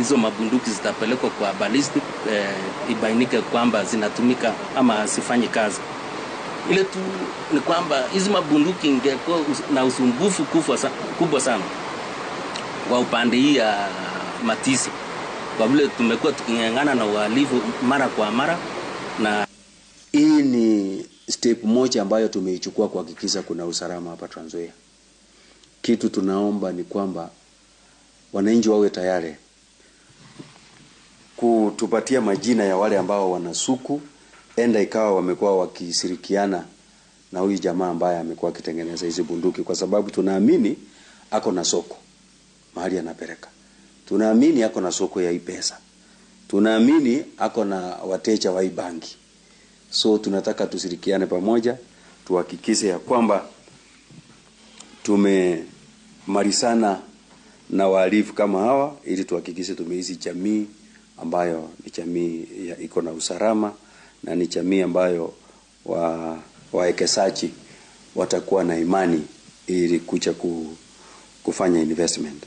hizo mabunduki zitapelekwa kwa ballistic e, eh, ibainike kwamba zinatumika ama hazifanyi kazi. Ile tu ni kwamba hizi mabunduki ingekuwa na usumbufu kubwa sana kwa upande hii ya Matisi, kwa vile tumekuwa tuking'ang'ana na uhalifu mara kwa mara, na hii ni step moja ambayo tumeichukua kuhakikisha kuna usalama hapa Trans Nzoia. Kitu tunaomba ni kwamba wananchi wawe tayari kutupatia majina ya wale ambao wanasuku, enda ikawa wamekuwa wakishirikiana na huyu jamaa ambaye amekuwa akitengeneza hizi bunduki, kwa sababu tunaamini ako na soko mahali anapeleka, tunaamini ako na soko ya hii pesa, tunaamini ako na wateja wa ibangi So tunataka tushirikiane pamoja, tuhakikishe ya kwamba tumemalizana na wahalifu kama hawa, ili tuhakikishe tumeishi jamii ambayo ni jamii iko na usalama na ni jamii ambayo wa wawekezaji watakuwa na imani ili kuja kufanya investment.